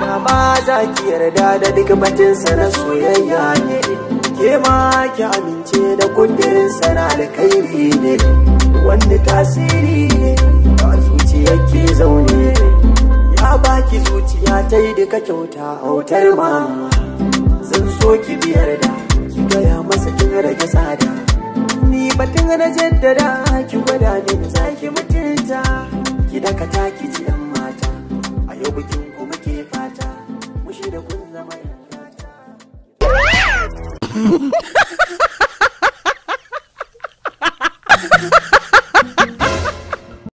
Na ba za ki yarda da duk batinsa na soyayya ne, ke ma ki amince da kundirinsa na alkairi ne, wanda tasiri ne, ba zuciya ke zaune ya baki zuciya ta yi duka kyauta autar ma Zan so ki biyar da, ki gaya masa kin rage tsada. Ni batin na jaddada, ki gwada ni za ki mutunta, ki dakata ki jiya. yau bikin ku muke fata mu shi da kun zama yan